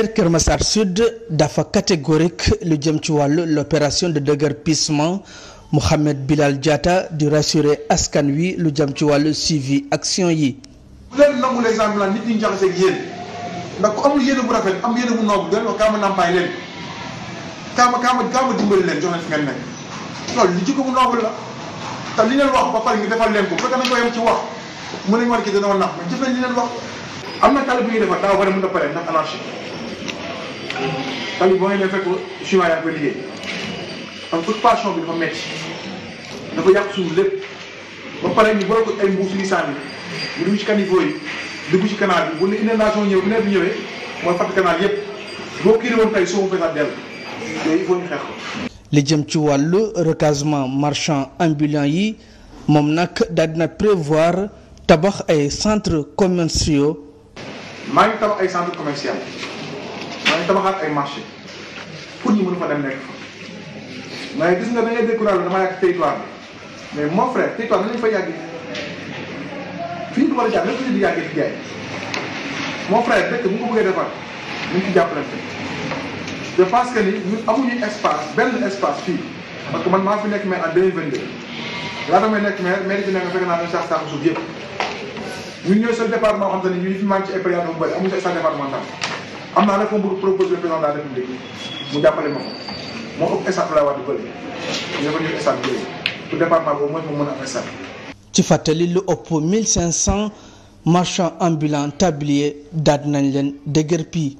maire Kër lu jëm ci wàllu l'opération de déguerpissement Mouhamed Bilal Diatta di askan wi lu jëm ci wàllu suivi action yi. kaama nàmpaay leen kaama kaama dimbali leen jox leen fi ngeen nekk loolu bu noobu la te li leen wax ba pare ñu defal leen ko bu fekkee nañ ko ci wax mën nañu war ki dana woon nax jëf nañ li leen wax am na tali bu ñuy defar daaw ba ne mën na pare ndax anarchie tamit boo xëy fekk chinois yaa koy liggéey am occupation bi dafa metti dafa yàq suuf lépp ba pare ñu boole ko ay mbuus lisaan yi ñu dugg ci caniveau yi dugg ci canal bi boo kii woon tey soo ko dell yooyu il faut xeex ko. li jëm ci wàllu recasement marchand ambulant yi moom nag daal prévoir tabax ay centre commerciaux. maa ngi tabax ay centres commerciaux. waaye tabaxaat ay marché pour ñu mën fa dem nekk fa waaye gis nga da ngay découragé dama yàgg territoire bi mais mon frère territoire bi lañ fa yàgg fii du war a jàpp lépp lu di yàggee ci jaay mon frère dëkk bu ko bëggee defar ñu ngi ci jàppalante je que ni ñun espace benn espace fii parce man maa fi nekk maire en 2022 laata may nekk maire maire bi nekk fekk naa ne sax saako suuf yëpp ñun ñooy seul département xam te ne ñu fi manqué ay période bu bëri amuñu am naa nag moom bëgg proposé président de la république mu jàppale ma ko moo ëpp stade Abdoulaye Wade bële nga ba ñuy stade bële pour département boobu mooy mu mën a am stade. ci fàttali lu ëpp 1500 marchands ambulants tablier daal nañ leen dëgër pii